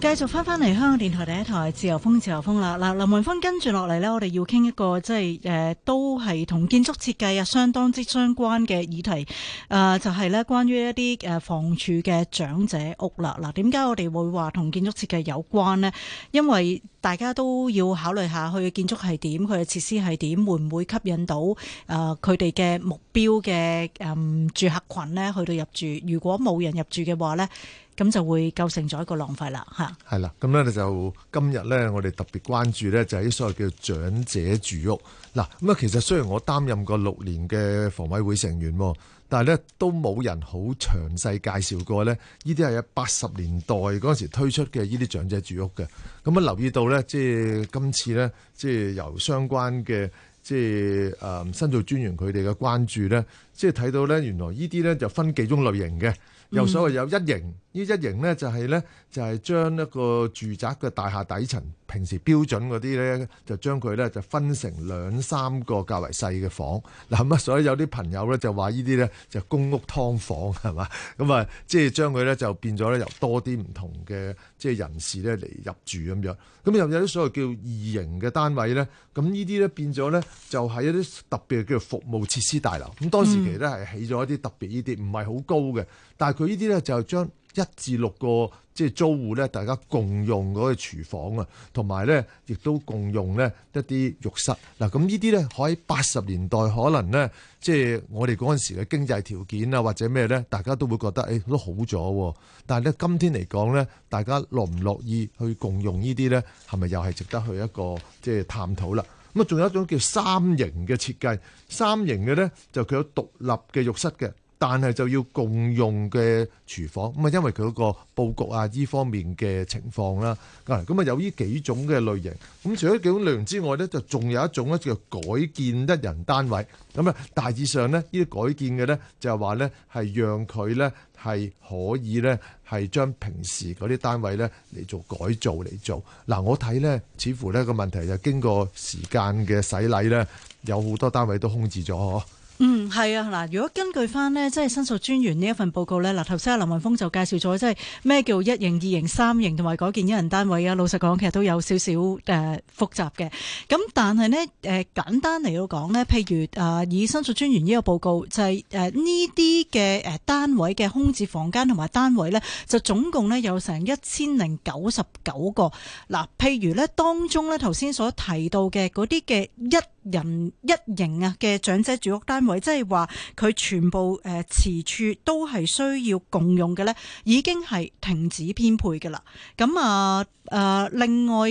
繼續翻翻嚟香港電台第一台《自由風》，自由風啦。嗱，林文峰跟住落嚟咧，我哋要傾一個即係誒，都係同建築設計啊相當之相關嘅議題。誒、呃，就係、是、咧關於一啲誒房署嘅長者屋啦。嗱、呃，點解我哋會話同建築設計有關呢？因為大家都要考慮下佢嘅建築係點，佢嘅設施係點，會唔會吸引到誒佢哋嘅目標嘅誒、嗯、住客群咧？去到入住，如果冇人入住嘅話呢，咁就會構成咗一個浪費啦嚇。係啦，咁咧就今日呢，我哋特別關注呢，就係所謂叫長者住屋嗱。咁啊，其實雖然我擔任過六年嘅房委會成員。但係咧，都冇人好詳細介紹過咧。呢啲係喺八十年代嗰陣時推出嘅呢啲長者住屋嘅。咁啊，留意到咧，即係今次咧，即係由相關嘅即係誒申訴專員佢哋嘅關注咧。即係睇到咧，原來呢啲咧就分幾種類型嘅，又所謂有一型，呢一型咧就係咧就係將一個住宅嘅大廈底層，平時標準嗰啲咧就將佢咧就分成兩三個較為細嘅房，嗱咁啊，所以有啲朋友咧就話呢啲咧就公屋劏房係嘛？咁啊即係將佢咧就變咗咧由多啲唔同嘅即係人士咧嚟入住咁樣，咁又有啲所謂叫二型嘅單位咧，咁呢啲咧變咗咧就係一啲特別嘅叫服務設施大樓，咁當時。咧係起咗一啲特別呢啲唔係好高嘅，但係佢呢啲咧就將一至六個即係、就是、租戶咧大家共用嗰個廚房啊，同埋咧亦都共用咧一啲浴室。嗱咁呢啲咧可喺八十年代可能咧即係我哋嗰陣時嘅經濟條件啊或者咩咧，大家都會覺得誒、欸、都好咗。但係咧今天嚟講咧，大家樂唔樂意去共用呢啲咧，係咪又係值得去一個即係、就是、探討啦？咁啊，仲有一種叫三型嘅設計，三型嘅咧就佢有獨立嘅浴室嘅。但係就要共用嘅廚房，咁啊，因為佢嗰個佈局啊，依方面嘅情況啦。啊，咁啊有呢幾種嘅類型。咁除咗幾種類型之外咧，就仲有一種咧叫改建一人單位。咁啊，大致上咧，呢啲改建嘅咧，就係話咧係讓佢咧係可以咧係將平時嗰啲單位咧嚟做改造嚟做。嗱，我睇咧似乎呢個問題就經過時間嘅洗禮咧，有好多單位都空置咗。嗯，係啊，嗱，如果根據返呢，即係申訴專員呢一份報告呢，嗱，頭先阿林文峰就介紹咗，即係咩叫一型、二型、三型同埋改建一人單位啊。老實講，其實都有少少誒複雜嘅。咁但係呢，誒簡單嚟到講呢，譬如啊，以申訴專員呢個報告就係誒呢啲嘅誒單位嘅空置房間同埋單位呢，就總共呢有成一千零九十九個。嗱，譬如呢，當中呢頭先所提到嘅嗰啲嘅一人一型啊嘅長者住屋單位，即係話佢全部誒、呃、池處都係需要共用嘅咧，已經係停止編配噶啦。咁啊。誒另外誒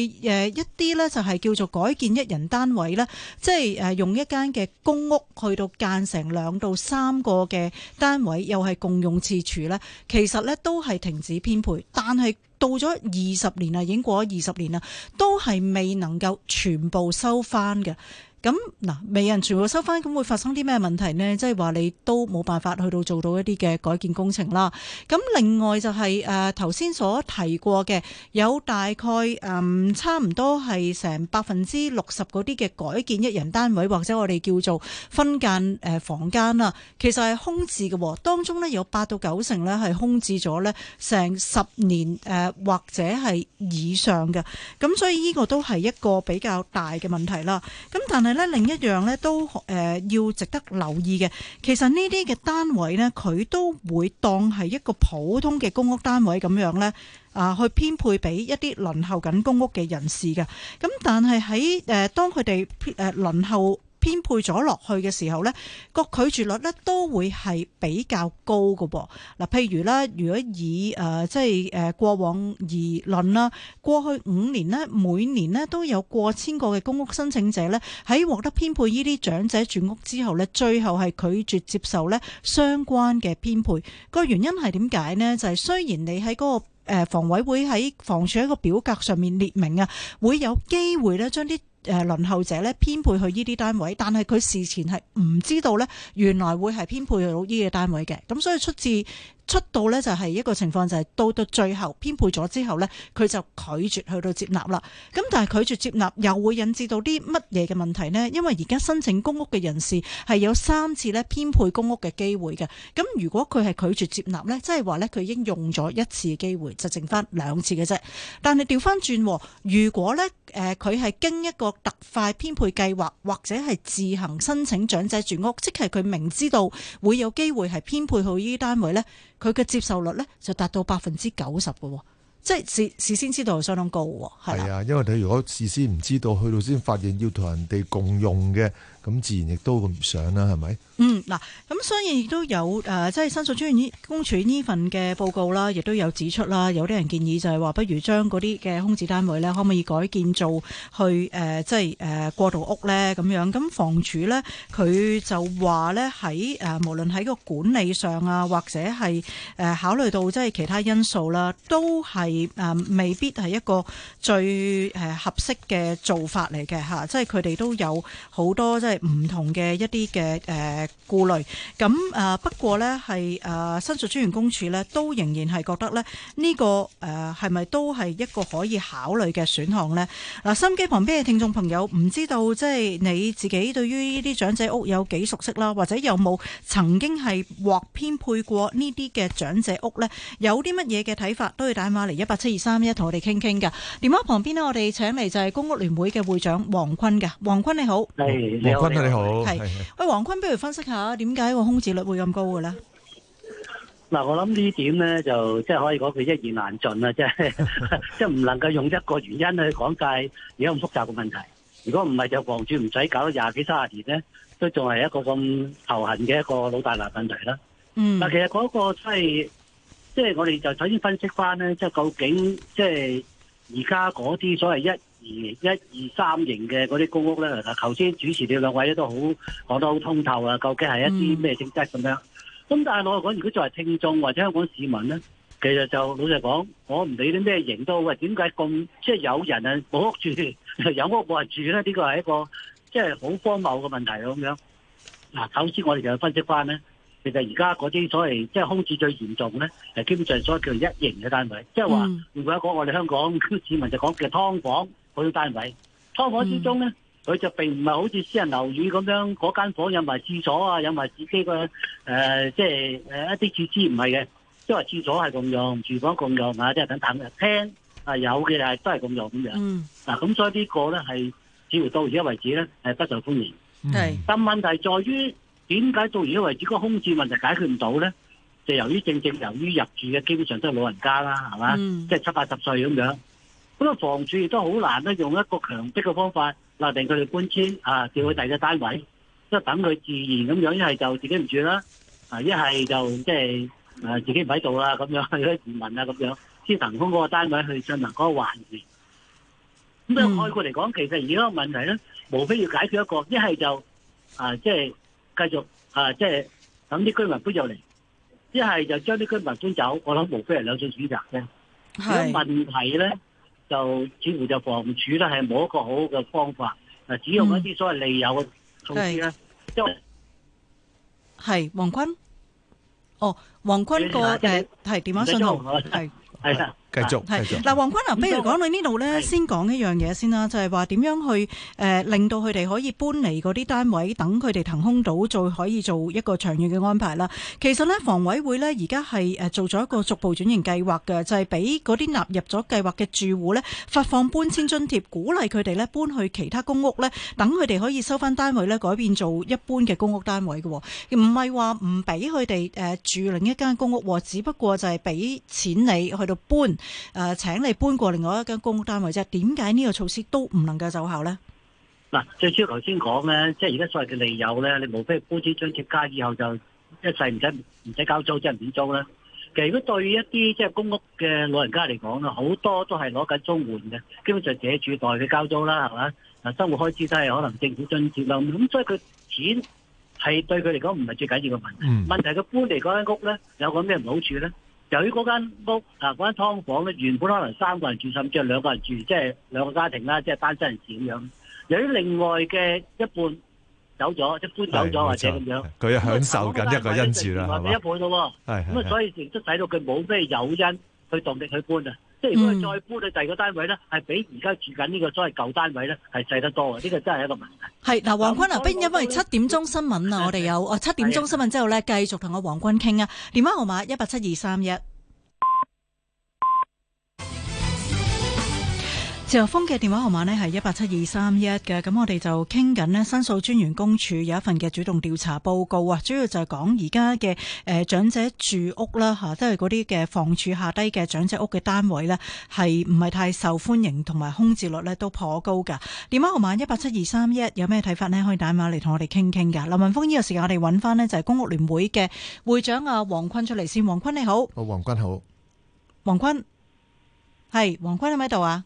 一啲咧就係叫做改建一人單位咧，即係誒用一間嘅公屋去到建成兩到三個嘅單位，又係共用廁廚咧，其實咧都係停止編配，但係到咗二十年啦，已經過咗二十年啦，都係未能夠全部收翻嘅。咁嗱，未人全部收翻，咁會發生啲咩問題呢？即係話你都冇辦法去到做到一啲嘅改建工程啦。咁另外就係誒頭先所提過嘅有大。大概誒、嗯，差唔多係成百分之六十嗰啲嘅改建一人單位，或者我哋叫做分間誒、呃、房間啦，其實係空置嘅。當中呢有八到九成呢係空置咗呢成十年誒、呃、或者係以上嘅。咁所以呢個都係一個比較大嘅問題啦。咁但係呢另一樣呢，都誒、呃、要值得留意嘅。其實呢啲嘅單位呢，佢都會當係一個普通嘅公屋單位咁樣呢。啊，去編配俾一啲輪候緊公屋嘅人士嘅。咁，但係喺誒當佢哋誒輪候編配咗落去嘅時候呢，個拒絕率呢都會係比較高㗎。嗱，譬如啦，如果以誒、呃、即係誒、呃、過往而論啦，過去五年呢，每年呢都有過千個嘅公屋申請者呢，喺獲得編配呢啲長者住屋之後呢，最後係拒絕接受呢相關嘅編配。個原因係點解呢？就係、是、雖然你喺嗰、那個誒房委會喺房署一個表格上面列明啊，會有機會咧將啲誒輪候者咧編配去呢啲單位，但係佢事前係唔知道咧，原來會係編配到呢個單位嘅，咁所以出自。出到呢就係一個情況，就係、係、到到最後編配咗之後呢，佢就拒絕去到接納啦。咁但係拒絕接納又會引致到啲乜嘢嘅問題呢？因為而家申請公屋嘅人士係有三次咧編配公屋嘅機會嘅。咁如果佢係拒絕接納呢，即係話呢，佢已經用咗一次機會，就剩翻兩次嘅啫。但係調翻轉，如果呢，誒佢係經一個特快編配計劃，或者係自行申請長者住屋，即係佢明知道會有機會係編配去呢啲單位呢。佢嘅接受率咧就達到百分之九十嘅，即係事事先知道係相當高，係啊！因為你如果事先唔知道，去到先發現要同人哋共用嘅，咁自然亦都咁唔想啦，係咪？嗯，嗱，咁所以亦都有誒，即係申訴專員公署呢份嘅報告啦，亦都有指出啦。有啲人建議就係話，不如將嗰啲嘅空置單位咧，可唔可以改建造去誒即係誒過渡屋咧咁樣，咁房署咧，佢就話咧喺誒無論喺個管理上啊，或者係誒、啊、考慮到即係其他因素啦，都係誒、啊、未必係一個最誒合適嘅做法嚟嘅吓，即係佢哋都有好多即係唔同嘅一啲嘅誒。啊顧慮咁誒、啊，不過呢係誒，申訴、啊、專員公署呢都仍然係覺得咧呢、這個誒係咪都係一個可以考慮嘅選項呢？嗱、啊，心機旁邊嘅聽眾朋友唔知道即係你自己對於呢啲長者屋有幾熟悉啦，或者有冇曾經係獲編配過呢啲嘅長者屋呢？有啲乜嘢嘅睇法都可以打電話嚟一八七二三一同我哋傾傾，嘅電話旁邊呢，我哋請嚟就係公屋聯會嘅會長王坤嘅，王坤你好，王坤你好，係喂王坤，不如分析。吓，點解個空置率會咁高嘅咧？嗱，我諗呢點咧就即係可以講佢一言難盡啦，即係即係唔能夠用一個原因去講解而家咁複雜嘅問題。如果唔係，就房主唔使搞咗廿幾卅年咧，都仲係一個咁頭痕嘅一個老大難問題啦。嗯，嗱，其實嗰個即係即係我哋就首先分析翻，咧，即係究竟即係而家嗰啲所謂一。二、一二三型嘅嗰啲公屋咧，頭先主持你兩位咧都好講得好通透啊！究竟係一啲咩性質咁樣？咁、mm. 但係我講，如果作為聽眾或者香港市民咧，其實就老實講，我唔理啲咩型都好，點解咁即係有人啊冇屋住，有屋冇人住咧？呢、呢個係一個即係好荒謬嘅問題咁樣嗱，首先我哋就分析翻咧，其實而家嗰啲所謂即係、就是、空置最嚴重咧，基本上所謂叫做一型嘅單位，即係話如果講我哋香港市民就講嘅劏房。我啲單位，倉房之中咧，佢、嗯、就並唔係好似私人樓宇咁樣，嗰間房有埋廁所啊，有埋自己個誒，即係誒一啲設施唔係嘅，即係廁所係共用，廚房共用，啊，即、就、係、是、等等嘅、啊、有嘅，係都係共用咁樣。嗱、啊，咁所以呢個咧係只要到而家為止咧，係不受歡迎。係、嗯，但問題在於點解到而家為止個空置問題解決唔到咧？就由於正正由於入住嘅基本上都係老人家啦，係嘛、嗯，即係七八十歲咁樣。咁啊，房署亦都好難咧，用一個強逼嘅方法，立定佢哋搬遷啊，叫佢第二個單位，即係等佢自然咁樣，一係就自己唔住啦，啊，一係就即係誒自己唔喺度啦，咁樣去啲移民啊，咁樣先騰空嗰個單位去進行嗰個還住。咁啊，概括嚟講，其實而家個問題咧，無非要解決一個，一係就啊，即係繼續啊，即係等啲居民搬入嚟；一係就將啲居民搬走。我諗無非係兩種選擇啫。係問題咧。就似乎就房署咧，係冇一個好嘅方法，嗱，只用一啲所謂利誘嘅措施咧，即、嗯、係，係王坤，哦，王坤個誒係電話信號，係係啦。繼續係嗱，王坤牛，不如講到呢度咧，先講一樣嘢先啦，就係話點樣去誒、呃，令到佢哋可以搬嚟嗰啲單位，等佢哋騰空到，再可以做一個長遠嘅安排啦。其實咧，房委會咧而家係誒做咗一個逐步轉型計劃嘅，就係俾嗰啲納入咗計劃嘅住戶咧發放搬遷津貼，鼓勵佢哋咧搬去其他公屋咧，等佢哋可以收翻單位咧，改變做一般嘅公屋單位嘅，唔係話唔俾佢哋誒住另一間公屋，只不過就係俾錢你去到搬。誒、呃，請你搬過另外一間公屋單位啫？點解呢個措施都唔能夠奏效咧？嗱，最主要頭先講咧，即係而家所謂嘅利誘咧，你無非係搬支津貼家以後就一世唔使唔使交租，即、就、係、是、免租啦。其實如果對一啲即係公屋嘅老人家嚟講咧，好多都係攞緊綜援嘅，基本上自己住代佢交租啦，係嘛？嗱，生活開支都係可能政府津貼啦。咁所以佢錢係對佢嚟講唔係最緊要嘅問題。嗯、問題佢搬嚟嗰間屋咧，有個咩唔好處咧？由於嗰間屋啊嗰間劏房咧，原本可能三個人住，甚至係兩個人住，即係兩個家庭啦，即係單身人士咁樣。由於另外嘅一半走咗，即係搬走咗或者咁樣，佢享受緊一個恩賜啦，係咪？一半咯，咁所以亦都使到佢冇咩誘因去動力去搬啊。即係如果佢再搬去第二個單位咧，係比而家住緊呢個所謂舊單位咧，係細得多嘅，呢個真係一個問題。係，嗱，王坤啊，畢竟因為七點鐘新聞啊、嗯，我哋有、哦、七點鐘新聞之後咧，繼續同阿王坤傾啊，電話號碼一八七二三一。謝劉峰嘅電話號碼呢係一八七二三一嘅。咁我哋就傾緊呢，申訴專員公署有一份嘅主動調查報告啊，主要就係講而家嘅誒長者住屋啦吓，即係嗰啲嘅房署下低嘅長者屋嘅單位呢，係唔係太受歡迎，同埋空置率呢都頗高噶。電話號碼一八七二三一，有咩睇法呢？可以打埋嚟同我哋傾傾噶。林文峰，呢、這個時間我哋揾翻，呢就係公屋聯會嘅會長啊。王坤出嚟先。王坤你好，好王坤好，王坤，係王坤你喺度啊？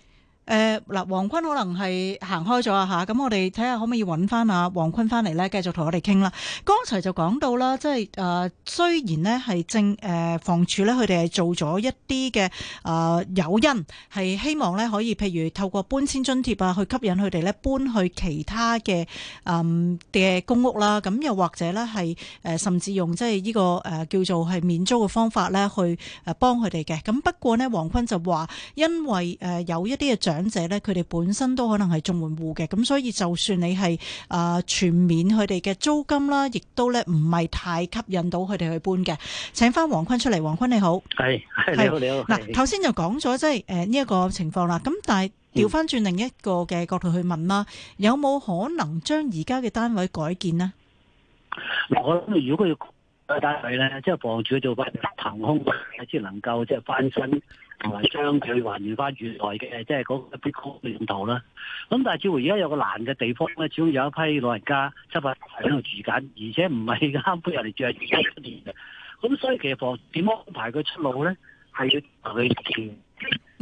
誒、呃、嗱，王坤可能係行開咗啊下，咁我哋睇下可唔可以揾翻阿王坤翻嚟咧，繼續同我哋傾啦。剛才就講到啦，即係誒、呃、雖然呢係政誒房署咧，佢哋係做咗一啲嘅誒誘因，係希望呢可以譬如透過搬遷津貼啊，去吸引佢哋咧搬去其他嘅誒嘅公屋啦。咁又或者呢係、呃、甚至用即係呢個、呃、叫做係免租嘅方法咧，去誒幫佢哋嘅。咁不過呢，王坤就話因為、呃、有一啲嘅獎者咧，佢哋本身都可能係租門戶嘅，咁所以就算你係啊全免佢哋嘅租金啦，亦都咧唔係太吸引到佢哋去搬嘅。請翻王坤出嚟，王坤你好，係，你好你好。嗱，頭先就講咗即係誒呢一個情況啦，咁但係調翻轉另一個嘅角度去問啦，有冇可能將而家嘅單位改建呢？嗱，我諗如果佢要單位咧，即係房署嘅做法，憑空先能夠即係翻新。同埋將佢還原翻原來嘅，即係嗰一啲曲面圖啦。咁但係，似乎而家有個難嘅地方咧，始終有一批老人家，七八十喺度住緊，而且唔係啱搬入嚟住，係住一年嘅。咁所以其實房，點樣安排佢出路咧，係要佢見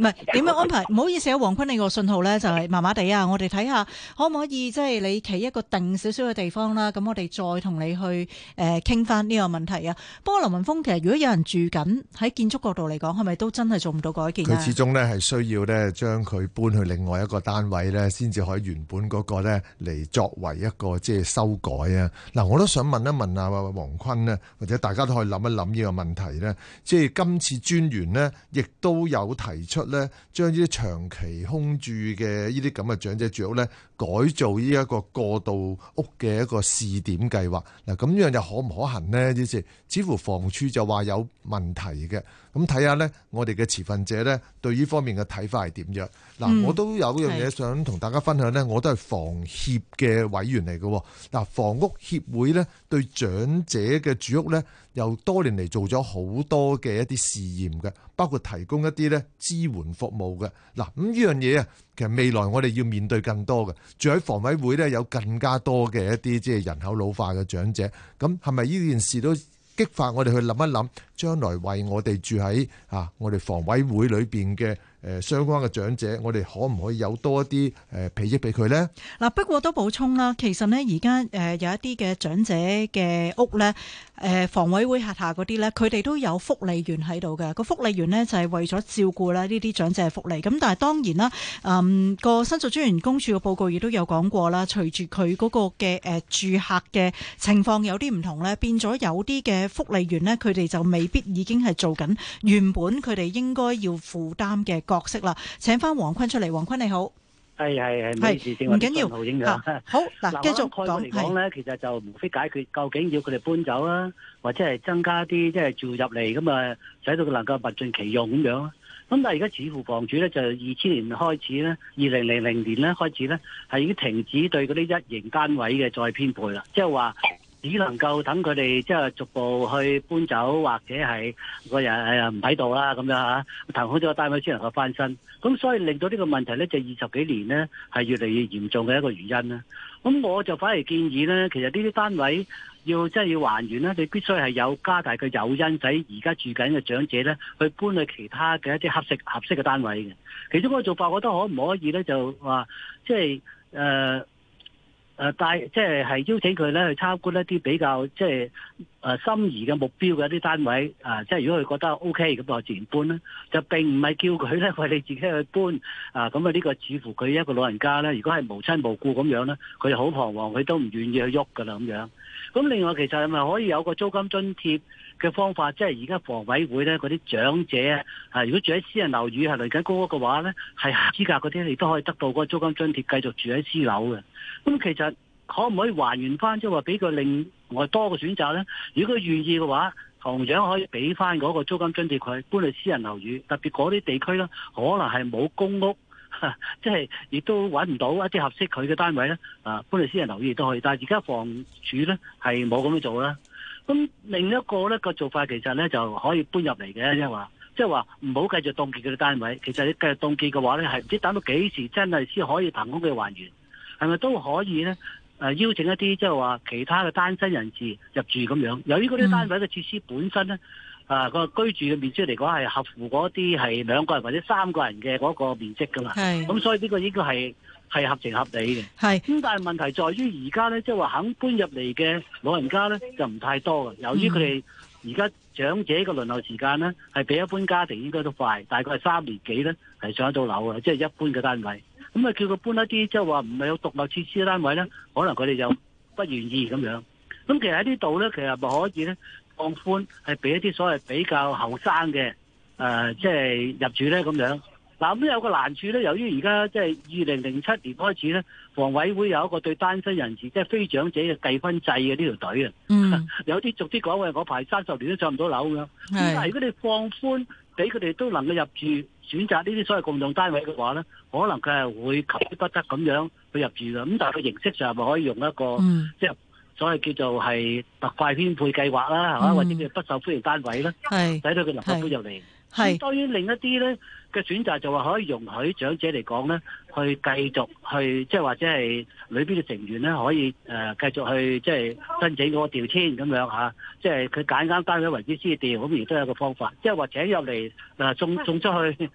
唔係點樣安排？唔好意思啊，王坤，你個信號咧就係麻麻地啊！我哋睇下可唔可以即係你企一個定少少嘅地方啦。咁我哋再同你去誒傾翻呢個問題啊。不過林文峰其實如果有人住緊喺建築角度嚟講，係咪都真係做唔到改建？佢始終咧係需要咧將佢搬去另外一個單位咧，先至可以原本嗰個咧嚟作為一個即係修改啊。嗱，我都想問一問啊，王坤呢，或者大家都可以諗一諗呢個問題呢，即係今次專員呢亦都有提出。咧將呢啲長期空住嘅呢啲咁嘅長者住屋咧改造呢一個過渡屋嘅一個試點計劃嗱，咁樣又可唔可行咧？於是似乎房署就話有問題嘅。咁睇下咧，我哋嘅持份者咧，對呢方面嘅睇法係點樣？嗱、嗯，我都有一樣嘢想同大家分享咧，我都係房協嘅委員嚟嘅。嗱，房屋協會咧對長者嘅住屋咧，又多年嚟做咗好多嘅一啲試驗嘅，包括提供一啲咧支援服務嘅。嗱，咁呢樣嘢啊，其實未來我哋要面對更多嘅，住喺房委會咧有更加多嘅一啲即係人口老化嘅長者，咁係咪呢件事都？激發我哋去諗一諗，將來為我哋住喺啊，我哋房委會裏邊嘅。誒，相關嘅長者，我哋可唔可以有多一啲誒裨益俾佢咧？嗱，不過都補充啦，其實呢，而家誒有一啲嘅長者嘅屋咧，誒房委會轄下嗰啲咧，佢哋都有福利員喺度嘅。個福利員呢，就係為咗照顧咧呢啲長者福利。咁但係當然啦，嗯個申訴專員公署嘅報告亦都有講過啦，隨住佢嗰個嘅誒住客嘅情況有啲唔同咧，變咗有啲嘅福利員呢，佢哋就未必已經係做緊原本佢哋應該要負擔嘅。角色啦，請返王坤出嚟，王坤你好，係係係，唔好影響。唔緊要，好嗱，繼續講。嗱，嚟講咧，其實就無非解決究竟要佢哋搬走啦，或者係增加啲即係住入嚟咁啊，使到佢能夠物盡其用咁樣。咁但係而家似乎房主咧，就二千年開始咧，二零零零年咧開始咧，係已經停止對嗰啲一型單位嘅再編配啦，即係話。只能夠等佢哋即係逐步去搬走，或者係個人誒唔喺度啦，咁樣嚇，騰空咗個單位先能夠翻身。咁所以令到呢個問題咧，就是、二十幾年咧係越嚟越嚴重嘅一個原因啦。咁我就反而建議咧，其實呢啲單位要真係、就是、要還原咧，你必須係有加大嘅誘因，使而家住緊嘅長者咧去搬去其他嘅一啲合適合適嘅單位嘅。其中嗰個做法，我覺得可唔可以咧？就話即係誒。就是呃誒帶即係係邀請佢咧去參觀一啲比較即係、就是誒、啊、心儀嘅目標嘅一啲單位，誒、啊、即係如果佢覺得 O K 咁啊，自然搬啦。就並唔係叫佢咧，喂你自己去搬。啊，咁啊呢個似乎佢一個老人家咧，如果係無親無故咁樣咧，佢就好彷徨，佢都唔願意去喐噶啦咁樣。咁另外其實係咪可以有個租金津貼嘅方法？即係而家房委會咧嗰啲長者啊，如果住喺私人樓宇係嚟緊公屋嘅話咧，係合資格嗰啲，你都可以得到嗰個租金津貼，繼續住喺私樓嘅。咁其實。可唔可以還原翻，即係話俾佢另外多個選擇咧？如果願意嘅話，同樣可以俾翻嗰個租金津貼佢搬嚟私人樓宇，特別嗰啲地區咧，可能係冇公屋，即係亦都揾唔到一啲合適佢嘅單位咧。啊，搬嚟私人樓宇都可以，但係而家房署咧係冇咁樣做啦。咁另一個咧個做法其實咧就可以搬入嚟嘅，即係話，即係話唔好繼續凍結佢啲單位。其實你繼續凍結嘅話咧，係唔知等到幾時真係先可以騰空嘅還原，係咪都可以咧？誒，邀請一啲即係話其他嘅單身人士入住咁樣。由於嗰啲單位嘅設施本身咧、嗯，啊個居住嘅面積嚟講係合乎嗰啲係兩個人或者三個人嘅嗰個面積噶嘛，咁所以呢個應該係係合情合理嘅。係咁，但係問題在於而家咧，即係話肯搬入嚟嘅老人家咧就唔太多嘅，由於佢哋。嗯而家長者嘅輪候時間咧，係比一般家庭應該都快，大概係三年幾咧，係上得到樓嘅，即係一般嘅單位。咁啊，叫佢搬一啲即係話唔係有獨立設施嘅單位咧，可能佢哋就不願意咁樣。咁其實喺呢度咧，其實咪可以咧，放寬係俾一啲所謂比較後生嘅誒，即係入住咧咁樣。嗱、嗯、咁有個難處咧，由於而家即係二零零七年開始咧，房委會有一個對單身人士即係、就是、非長者嘅計分制嘅呢條隊啊。嗯、 有啲俗啲講話，我排三十年都上唔到樓嘅。但係如果你放寬，俾佢哋都能夠入住，選擇呢啲所謂共用單位嘅話咧，可能佢係會求之不得咁樣去入住嘅。咁但係個形式上咪可以用一個、嗯、即係所謂叫做係特快編配計劃啦，係嘛、嗯，或者叫不受歡迎單位啦，使到佢能夠搬入嚟。係，當然另一啲咧嘅選擇就話可以容許長者嚟講咧，去繼續去即係或者係裏邊嘅成員咧，可以誒呃，繼續去即係申請個調遷咁樣吓，即係佢揀間單位為之私調，咁亦都有一個方法，即係或者入嚟嗱送送出去，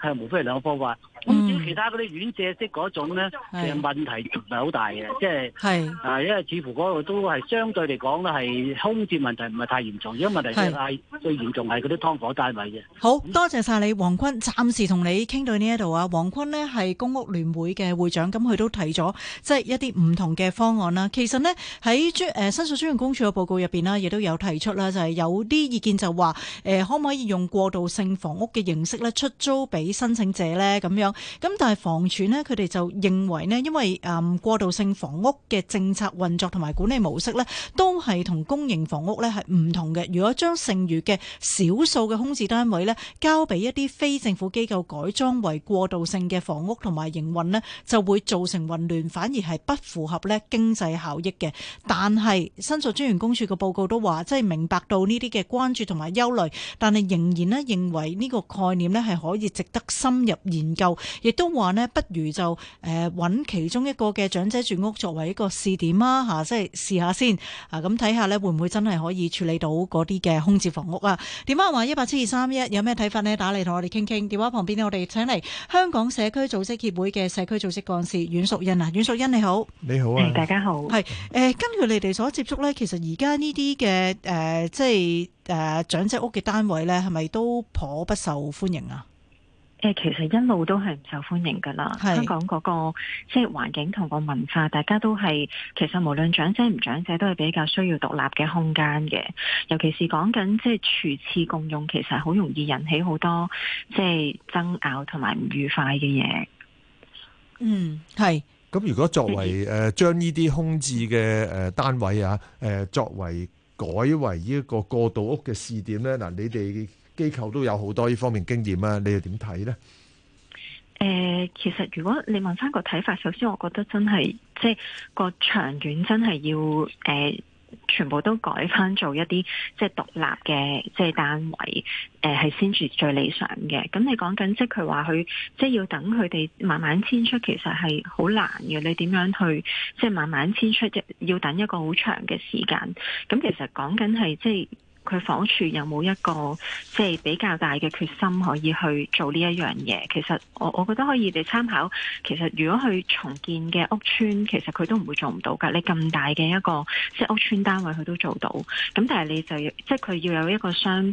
係無非係兩個方法。咁至於其他嗰啲院舍式嗰種咧，其實問題唔係好大嘅，即係係啊，因為似乎嗰度都係相對嚟講咧，係空置問題唔係太嚴重。如果問題最大最嚴重係嗰啲劏房單位嘅。好多謝晒你，王坤，暫時同你傾到呢一度啊。王坤咧係公屋聯會嘅會長，咁佢都提咗即係一啲唔同嘅方案啦。其實咧喺、呃、專、誒、申訴專員公署嘅報告入邊啦，亦都有提出啦，就係、是、有啲意見就話誒、呃、可唔可以用過渡性房屋嘅形式咧出租俾申請者咧咁樣。咁但係房署呢，佢哋就認為呢，因為誒過渡性房屋嘅政策運作同埋管理模式呢，都係同公營房屋呢係唔同嘅。如果將剩餘嘅少數嘅空置單位呢，交俾一啲非政府機構改裝為過渡性嘅房屋同埋營運呢，就會造成混亂，反而係不符合呢經濟效益嘅。但係申訴專員公署嘅報告都話，即係明白到呢啲嘅關注同埋憂慮，但係仍然呢，認為呢個概念呢係可以值得深入研究。亦都話呢，不如就誒揾其中一個嘅長者住屋作為一個試點啊，吓即係試下先啊，咁睇下呢會唔會真係可以處理到嗰啲嘅空置房屋啊？電話號碼一八七二三一，有咩睇法呢？打嚟同我哋傾傾。電話旁邊呢我哋請嚟香港社區組織協會嘅社區組織幹事阮淑茵啊，阮淑茵你好，你好啊，嗯、大家好。係誒、呃，根據你哋所接觸呢，其實而家呢啲嘅誒，即係誒、呃、長者屋嘅單位呢，係咪都頗不受歡迎啊？誒，其實一路都係唔受歡迎噶啦。香港嗰、那個即係環境同個文化，大家都係其實無論長者唔長者，都係比較需要獨立嘅空間嘅。尤其是講緊即係廚廁共用，其實好容易引起好多即係、就是、爭拗同埋唔愉快嘅嘢。嗯，係。咁如果作為誒將呢啲空置嘅誒單位啊，誒、呃呃、作為改為呢一個過渡屋嘅試點咧，嗱、呃，你哋。機構都有好多呢方面的經驗啊，你又點睇呢？誒、呃，其實如果你問翻個睇法，首先我覺得真係，即係個長遠真係要誒、呃，全部都改翻做一啲即係獨立嘅即係單位誒，係、呃、先至最理想嘅。咁你講緊即係佢話佢即係要等佢哋慢慢遷出，其實係好難嘅。你點樣去即係慢慢遷出？一要等一個好長嘅時間。咁其實講緊係即係。佢房署有冇一個即係、就是、比較大嘅決心可以去做呢一樣嘢？其實我我覺得可以你參考。其實如果去重建嘅屋邨，其實佢都唔會做唔到㗎。你咁大嘅一個即係、就是、屋邨單位，佢都做到。咁但係你就要即係佢要有一個商。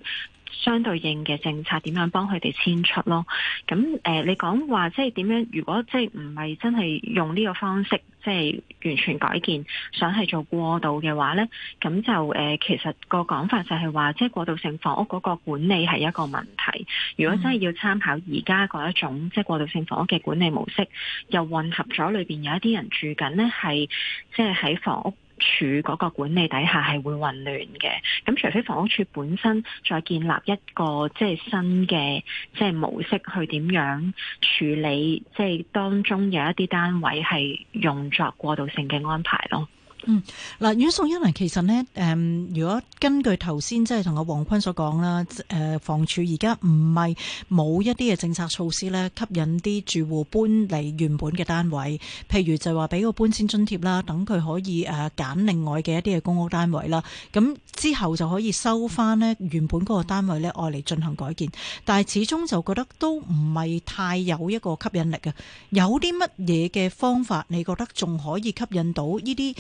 相對應嘅政策點樣幫佢哋遷出咯？咁、呃、你講話即係點樣？如果即係唔係真係用呢個方式，即係完全改建，想係做過渡嘅話呢，咁就、呃、其實個講法就係話，即係過渡性房屋嗰個管理係一個問題。如果真係要參考而家嗰一種即係過渡性房屋嘅管理模式，又混合咗裏面有一啲人住緊呢係即係喺房屋署、那、嗰個管理底下係會混亂嘅，咁除非房屋署本身再建立一個即係新嘅即係模式去點樣處理，即係當中有一啲單位係用作過渡性嘅安排咯。嗯，嗱，阮淑茵啊，其實咧，誒，如果根據頭先即係同阿黃坤所講啦，誒，房署而家唔係冇一啲嘅政策措施咧，吸引啲住戶搬離原本嘅單位，譬如就話俾個搬遷津貼啦，等佢可以誒揀另外嘅一啲嘅公屋單位啦，咁之後就可以收翻咧原本嗰個單位咧，愛嚟進行改建，但係始終就覺得都唔係太有一個吸引力啊，有啲乜嘢嘅方法你覺得仲可以吸引到呢啲？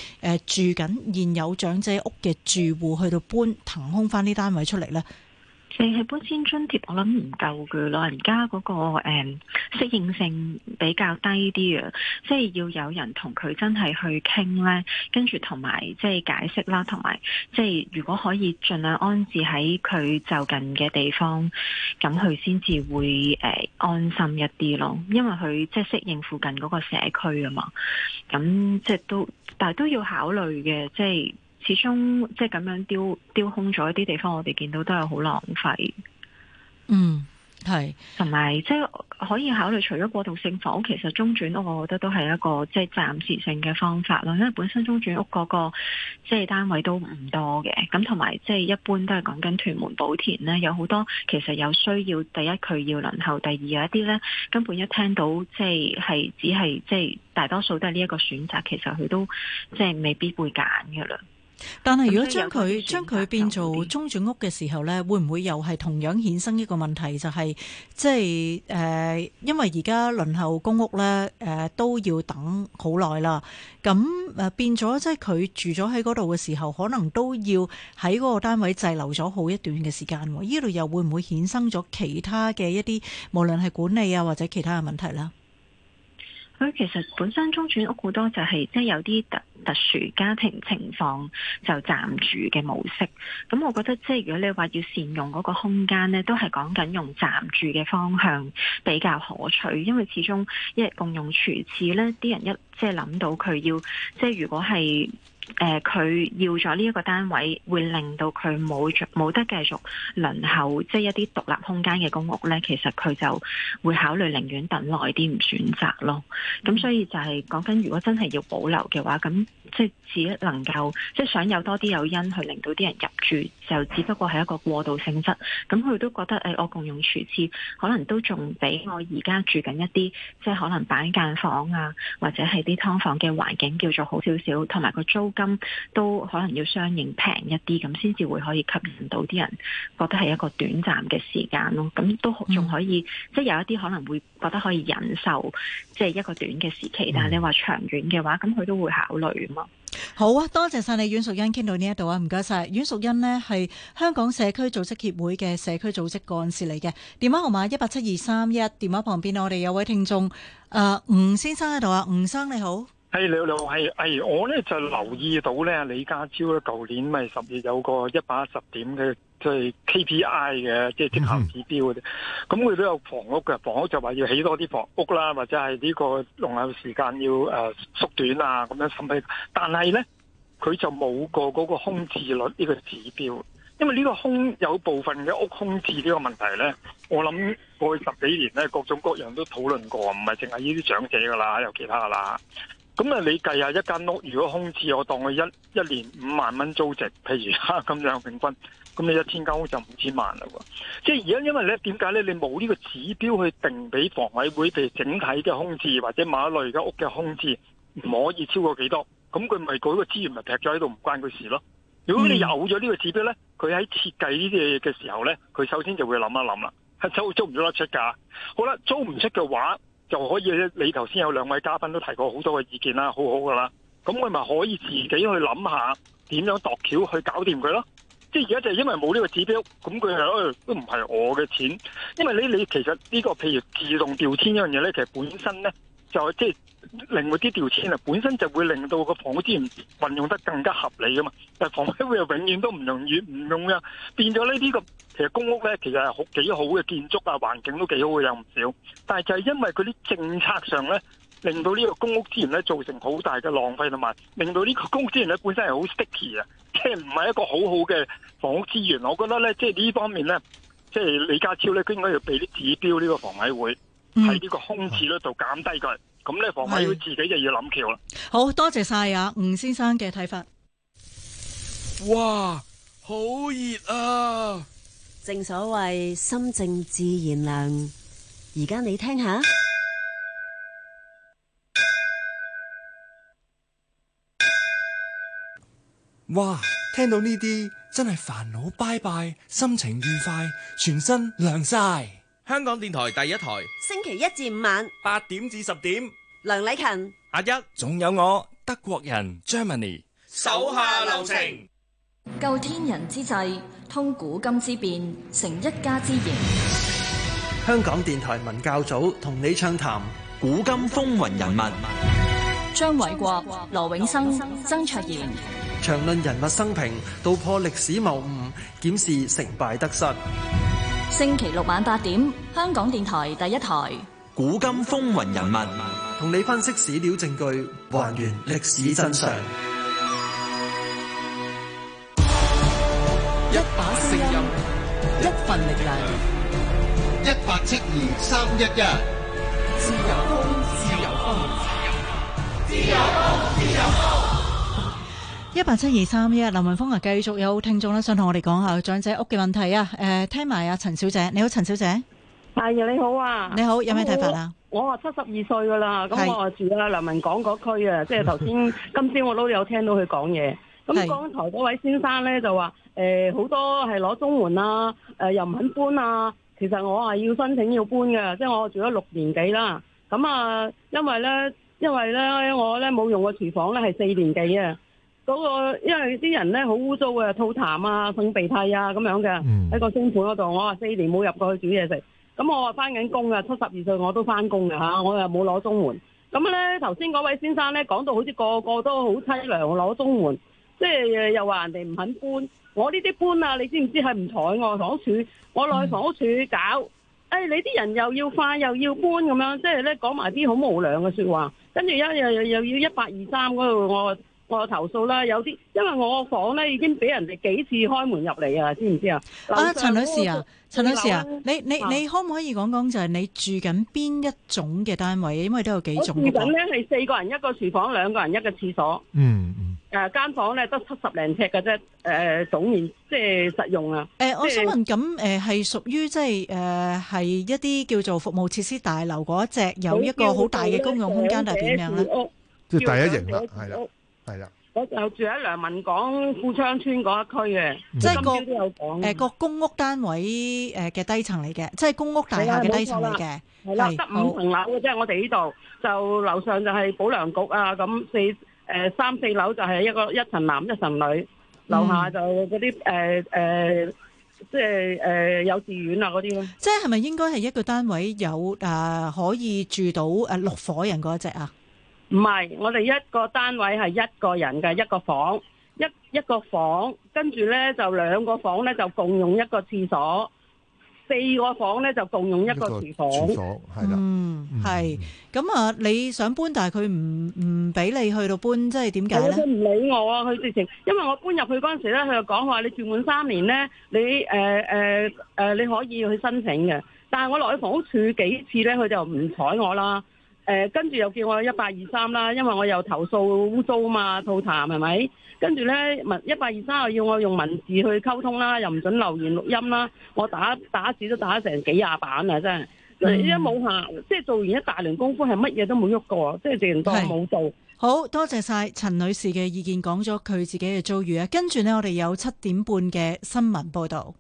誒，住緊現有長者屋嘅住戶去到搬騰空翻呢單位出嚟呢？淨係搬遷津貼我諗唔夠佢老人家嗰個誒、嗯、適應性比較低啲啊，即係要有人同佢真係去傾呢，跟住同埋即係解釋啦，同埋即係如果可以盡量安置喺佢就近嘅地方，咁佢先至會誒安心一啲咯，因為佢即係適應附近嗰個社區啊嘛，咁即係都。但係都要考慮嘅，即係始終即係咁樣丟丟空咗一啲地方，我哋見到都係好浪費。嗯。係，同埋即係可以考慮除咗過渡性房屋，其實中轉屋我覺得都係一個即係暫時性嘅方法啦。因為本身中轉屋個個即係單位都唔多嘅，咁同埋即係一般都係講緊屯門、寶田咧，有好多其實有需要。第一，佢要輪候，第二，有一啲咧根本一聽到即係係只係即係大多數都係呢一個選擇，其實佢都即係未必會揀嘅啦。但係如果將佢將佢變做中轉屋嘅時候呢，會唔會又係同樣衍生一個問題？就係即係誒，因為而家輪候公屋呢，誒都要等好耐啦。咁誒變咗，即係佢住咗喺嗰度嘅時候，可能都要喺嗰個單位滯留咗好一段嘅時間。呢度又會唔會衍生咗其他嘅一啲，無論係管理啊或者其他嘅問題啦？佢其實本身中轉屋好多就係即係有啲特特殊家庭情況就暫住嘅模式，咁我覺得即如果你話要善用嗰個空間咧，都係講緊用暫住嘅方向比較可取，因為始終一共用廚廁咧，啲人一即係諗到佢要即如果係。誒，佢要咗呢一個單位，會令到佢冇冇得繼續輪候，即係一啲獨立空間嘅公屋呢，其實佢就會考慮寧願等耐啲，唔選擇咯。咁所以就係講緊，如果真係要保留嘅話，咁。即係只能夠，即係想有多啲誘因去令到啲人入住，就只不過係一個過渡性質，咁佢都覺得，誒、哎、我共用廚廁可能都仲比我而家住緊一啲，即係可能板間房啊，或者係啲劏房嘅環境叫做好少少，同埋個租金都可能要相應平一啲，咁先至會可以吸引到啲人覺得係一個短暫嘅時間咯。咁都仲可以，嗯、即係有一啲可能會覺得可以忍受，即係一個短嘅時期。但係你話長遠嘅話，咁佢都會考慮。好啊，多謝晒你，阮淑茵傾到呢一度啊，唔該晒。阮淑茵呢係香港社區組織協會嘅社區組織幹事嚟嘅，電話號碼一八七二三一。17231, 電話旁邊我哋有位聽眾，誒、呃，吳先生喺度啊，吳生你好，係你好，係係，我呢就留意到呢，李家超呢，舊年咪十月有個一百一十點嘅。即係 KPI 嘅，即係績效指標嘅，咁佢都有房屋嘅，房屋就話要起多啲房屋啦，或者係呢個農眼時間要誒縮短啊，咁樣審批，但係咧佢就冇個嗰個空置率呢個指標，因為呢個空有部分嘅屋空置呢個問題咧，我諗過去十幾年咧，各種各樣都討論過，唔係淨係呢啲長者噶啦，有其他噶啦。咁啊，你計下一間屋如果空置，我當佢一一年五萬蚊租值，譬如哈咁樣，平均，咁你一千間屋就五千萬啦喎。即係而家因為咧，點解咧？你冇呢個指標去定俾房委會，譬如整體嘅空置或者某一類嘅屋嘅空置唔可以超過幾多？咁佢咪嗰個資源咪劈咗喺度，唔關佢事咯。如果你有咗呢個指標咧，佢喺設計呢啲嘢嘅時候咧，佢首先就會諗一諗啦，係租租唔租得出㗎。好啦，租唔出嘅話。就可以，你頭先有兩位嘉賓都提過好多嘅意見啦，好好噶啦。咁我咪可以自己去諗下點樣度橋去搞掂佢咯。即係而家就係因為冇呢個指標，咁佢係都唔係我嘅錢。因為你你其實呢個譬如自動調遷一樣嘢呢，其實本身呢。就即係令嗰啲調遷啊，本身就會令到個房屋資源運用得更加合理噶嘛。但係房委會又永遠都唔用，越唔用嘅，變咗呢啲個其實公屋咧，其實係好幾好嘅建築啊，環境都幾好嘅有唔少。但係就係因為佢啲政策上咧，令到呢個公屋資源咧造成好大嘅浪費，同埋令到呢個公資源咧本身係好 sticky 啊，即係唔係一個好好嘅房屋資源。我覺得咧，即係呢方面咧，即、就、係、是、李家超咧，佢應該要俾啲指標呢個房委會。喺、嗯、呢個空置率度減低佢，咁、嗯、呢，房委要自己就要諗橋啦。好多謝晒啊，王先生嘅睇法。哇，好熱啊！正所謂心靜自然涼，而家你聽下。哇，聽到呢啲真係煩惱拜拜，心情愉快，全身涼晒。香港電台第一台，星期一至五晚八點至十點，梁麗勤。阿一，總有我德國人 Germany 手下留情，究天人之際，通古今之變，成一家之言。香港電台文教組同你暢談古今風雲人物。張偉國、羅永生，羅生，生、曾卓賢，長論人物生平，道破歷史謬誤，檢視成敗得失。星期六晚八點，香港電台第一台《古今風雲人物》，同你分析史料證據，還原歷史真相。一把聲音，一份力量，一八七二三一一。自由風，自由風，自由風，自由風。自由風一八七二三一，林文峰啊，繼續有聽眾咧，想同我哋講下長者屋嘅問題啊。誒、呃，聽埋阿陳小姐，你好，陳小姐，係呀你好啊，你好，有咩睇法啊？我話七十二歲噶啦，咁我住喺梁文港嗰區啊，即係頭先今朝我都有聽到佢講嘢。咁剛才嗰位先生咧就話，誒、呃，好多係攞中門啊，誒、呃，又唔肯搬啊。其實我係要申請要搬嘅，即係我住咗六年幾啦。咁啊，因為咧，因為咧，我咧冇用個廚房咧，係四年幾啊。嗰個，因為啲人咧好污糟嘅，吐痰啊、擤鼻涕啊咁樣嘅。喺個新款嗰度，我話四年冇入過去煮嘢食。咁我話翻緊工啊，七十二歲我都翻工嘅嚇，我又冇攞中門。咁咧頭先嗰位先生咧講到好似個個都好凄涼攞中門，即係又話人哋唔肯搬，我呢啲搬啊，你知唔知係唔睬我房署？我落去房署搞，誒、哎、你啲人又要快又要搬咁樣，即係咧講埋啲好無良嘅説話，跟住而家又又要一八二三嗰度我。我投訴啦，有啲，因為我個房咧已經俾人哋幾次開門入嚟啊，知唔知啊？啊，陳女士啊，陳女士啊，你你你可唔可以講講就係你住緊邊一種嘅單位？因為都有幾種噶嘛。我住緊咧係四個人一個廚房，兩個人一個廁所。嗯嗯。誒，間房咧得七十零尺嘅啫，誒，總面積即係實用啊。誒，我想問咁誒，係屬於即係誒係一啲叫做服務設施大樓嗰一隻有一個好大嘅公用空間，但係點樣咧？即係第一型啦，係啦。係啦，我就住喺良民港富昌村嗰一區嘅，即、嗯、係今朝都有講，誒、個公屋單位誒嘅低層嚟嘅，即、就、係、是、公屋大廈嘅低層嚟嘅，係啦，十五層樓即係我哋呢度就樓上就係保良局啊，咁四誒、呃、三四樓就係一個一層男一層女，樓、嗯、下就嗰啲誒誒即係誒幼稚園啊嗰啲咯，即係係咪應該係一個單位有誒、呃、可以住到誒六伙人嗰一隻啊？唔係，我哋一個單位係一個人嘅，一個房，一一個房，跟住咧就兩個房咧就共用一個廁所，四個房咧就共用一個廚房。廚房係啦，嗯，係。咁啊，你想搬，但係佢唔唔畀你去到搬，即係點解咧？佢唔理我啊，佢直情。因為我搬入去嗰陣時咧，佢就講話你住滿三年咧，你誒誒誒，你可以去申請嘅。但係我落去房屋署幾次咧，佢就唔睬我啦。誒，跟住又叫我一八二三啦，因為我又投訴污糟嘛，吐痰係咪？跟住咧文一八二三又要我用文字去溝通啦，又唔准留言錄音啦。我打打字都打成幾廿版啊，真係一冇下，即係做完一大輪功夫係乜嘢都冇喐過，即係全部冇做。好多謝晒陳女士嘅意見，講咗佢自己嘅遭遇啊。跟住咧，我哋有七點半嘅新聞報道。